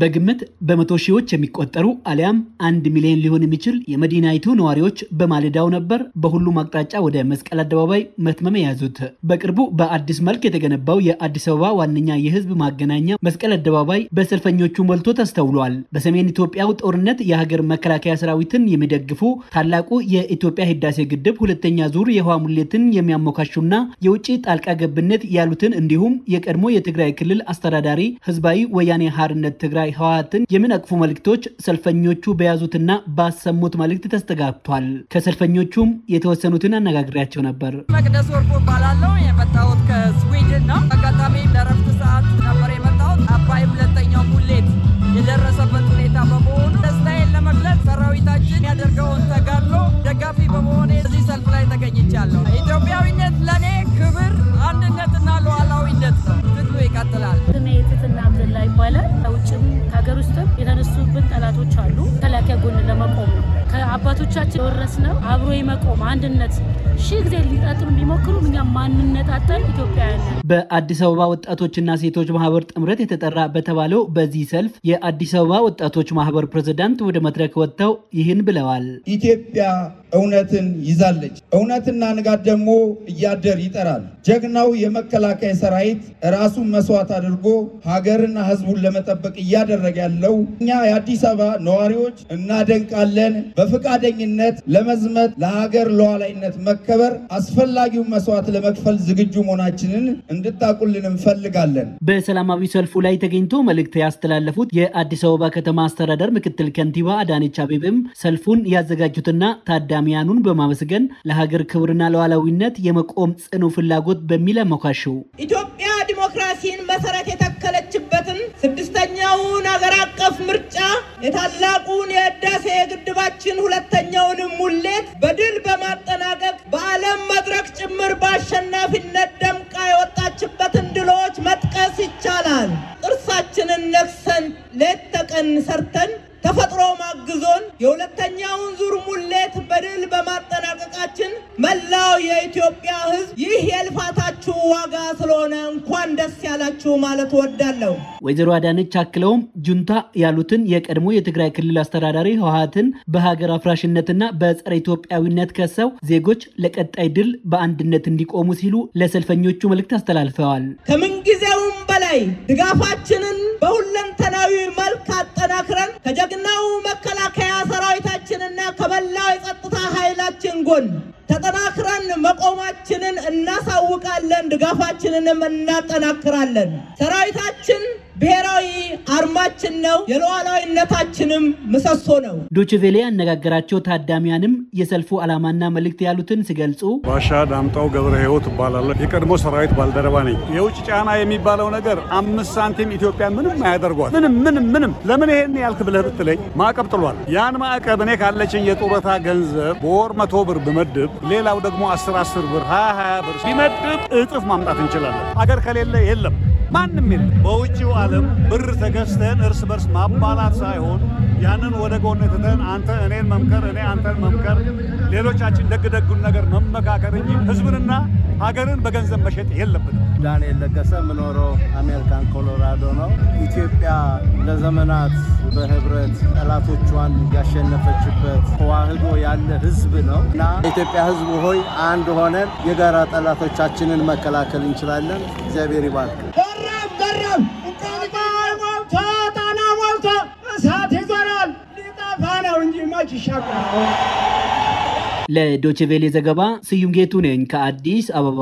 በግምት በመቶ ሺዎች የሚቆጠሩ አሊያም አንድ ሚሊዮን ሊሆን የሚችል የመዲናይቱ ነዋሪዎች በማለዳው ነበር በሁሉም አቅጣጫ ወደ መስቀል አደባባይ መትመም የያዙት። በቅርቡ በአዲስ መልክ የተገነባው የአዲስ አበባ ዋነኛ የህዝብ ማገናኛ መስቀል አደባባይ በሰልፈኞቹ ሞልቶ ተስተውሏል። በሰሜን ኢትዮጵያው ጦርነት የሀገር መከላከያ ሰራዊትን የሚደግፉ ታላቁ የኢትዮጵያ ህዳሴ ግድብ ሁለተኛ ዙር የውሃ ሙሌትን የሚያሞካሹና የውጭ ጣልቃ ገብነት ያሉትን እንዲሁም የቀድሞ የትግራይ ክልል አስተዳዳሪ ህዝባዊ ወያኔ ሀርነት ትግራይ ላይ ህወሓትን የሚነቅፉ መልእክቶች ሰልፈኞቹ በያዙትና ባሰሙት መልእክት ተስተጋብቷል። ከሰልፈኞቹም የተወሰኑትን አነጋግሬያቸው ነበር። መቅደስ ወርቁ እባላለሁ። የመጣሁት ከስዊድን ነው። አጋጣሚ ለረፍት ሰዓት ነበር የመጣሁት። አባይ ሁለተኛው ሙሌት የደረሰበት ሁኔታ በመሆኑ ደስታዬን ለመግለጽ ሰራዊታችን ያደርገውን ተጋድሎ ደጋፊ በመሆኔ እዚህ ሰልፍ ላይ ተገኝቻለሁ። ኢትዮጵያዊነት ለእኔ አባቶቻችን ነው አብሮ የመቆም አንድነት ሺ ጊዜ ሊጠጥሩ ቢሞክሩም እኛ ማንነጣጠል ኢትዮጵያውያን በአዲስ አበባ ወጣቶችና ሴቶች ማህበር ጥምረት የተጠራ በተባለው በዚህ ሰልፍ የአዲስ አበባ ወጣቶች ማህበር ፕሬዚዳንት ወደ መድረክ ወጥተው ይህን ብለዋል። ኢትዮጵያ እውነትን ይዛለች። እውነትና ንጋት ደግሞ እያደር ይጠራል። ጀግናው የመከላከያ ሰራዊት ራሱን መስዋዕት አድርጎ ሀገርና ሕዝቡን ለመጠበቅ እያደረገ ያለው እኛ የአዲስ አበባ ነዋሪዎች እናደንቃለን። በፍ በፈቃደኝነት ለመዝመት ለሀገር ሉዓላዊነት መከበር አስፈላጊውን መስዋዕት ለመክፈል ዝግጁ መሆናችንን እንድታቁልን እንፈልጋለን። በሰላማዊ ሰልፉ ላይ ተገኝቶ መልእክት ያስተላለፉት የአዲስ አበባ ከተማ አስተዳደር ምክትል ከንቲባ አዳነች አቤቤም ሰልፉን ያዘጋጁትና ታዳሚያኑን በማመስገን ለሀገር ክብርና ሉዓላዊነት የመቆም ጽኑ ፍላጎት በሚል አሞካሸው ዲሞክራሲን መሰረት የተከለችበትን ስድስተኛውን አገር አቀፍ ምርጫ የታላቁን የህዳሴ ግድባችን ሁለተኛውንም ሙሌት በድል በማጠናቀቅ በዓለም መድረክ ጭምር በአሸናፊነት ደምቃ የወጣችበትን ድሎች መጥቀስ ይቻላል። ጥርሳችንን ነክሰን ሌት ተቀን ሰርተን ተፈጥሮ ማግዞን የሁለተኛውን ዙር ሙሌት በድል በማጠናቀቃችን መላው የኢትዮጵያ ሕዝብ ይህ የልፋታችሁ ዋጋ ስለሆነ እንኳን ደስ ያላችሁ ማለት ወዳለሁ። ወይዘሮ አዳነች አክለውም ጁንታ ያሉትን የቀድሞ የትግራይ ክልል አስተዳዳሪ ህወሀትን በሀገር አፍራሽነትና በጸረ ኢትዮጵያዊነት ከሰው ዜጎች ለቀጣይ ድል በአንድነት እንዲቆሙ ሲሉ ለሰልፈኞቹ መልእክት አስተላልፈዋል። ከምንጊዜውም በላይ ድጋፋችንን በሁለን ከህዝባችን ጎን ተጠናክረን መቆማችንን እናሳውቃለን። ድጋፋችንንም እናጠናክራለን። ሰራዊታችን ብሔራዊ አርማችን ነው፣ የሉዓላዊነታችንም ምሰሶ ነው። ዶችቬሌ ያነጋገራቸው ታዳሚያንም የሰልፉ ዓላማና መልእክት ያሉትን ሲገልጹ ባሻ ዳምጣው ገብረ ህይወት እባላለሁ። የቀድሞ ሰራዊት ባልደረባ ነኝ። የውጭ ጫና የሚባለው ነገር አምስት ሳንቲም ኢትዮጵያ ምንም አያደርጓል። ምንም ምንም ምንም። ለምን ይሄን ያልክ ብለህ ብትለኝ ማዕቀብ ጥሏል። ያን ማዕቀብ እኔ ካለችኝ የጡረታ ገንዘብ በወር መቶ ብር ብመድብ፣ ሌላው ደግሞ አስር አስር ብር ሀያ ሀያ ብር ቢመድብ እጥፍ ማምጣት እንችላለን። አገር ከሌለ የለም ማንም የለም። በውጭው ዓለም ብር ተገዝተን እርስ በርስ ማባላት ሳይሆን ያንን ወደ ጎን ትተን አንተ እኔን መምከር፣ እኔ አንተን መምከር፣ ሌሎቻችን ደግ ደጉን ነገር መመካከር እንጂ ህዝብንና ሀገርን በገንዘብ መሸጥ የለብንም። ዳንኤል ለገሰ የምኖረው አሜሪካን ኮሎራዶ ነው። ኢትዮጵያ ለዘመናት በህብረት ጠላቶቿን ያሸነፈችበት ተዋህዶ ያለ ህዝብ ነው እና ኢትዮጵያ ህዝብ ሆይ አንድ ሆነን የጋራ ጠላቶቻችንን መከላከል እንችላለን። እግዚአብሔር ይባርክ። ሞልቶ እሳት ይዞራል። ሊጠፋ ነው እንጂ መች ለዶችቬሌ ዘገባ ስዩም ጌቱ ነኝ ከአዲስ አበባ።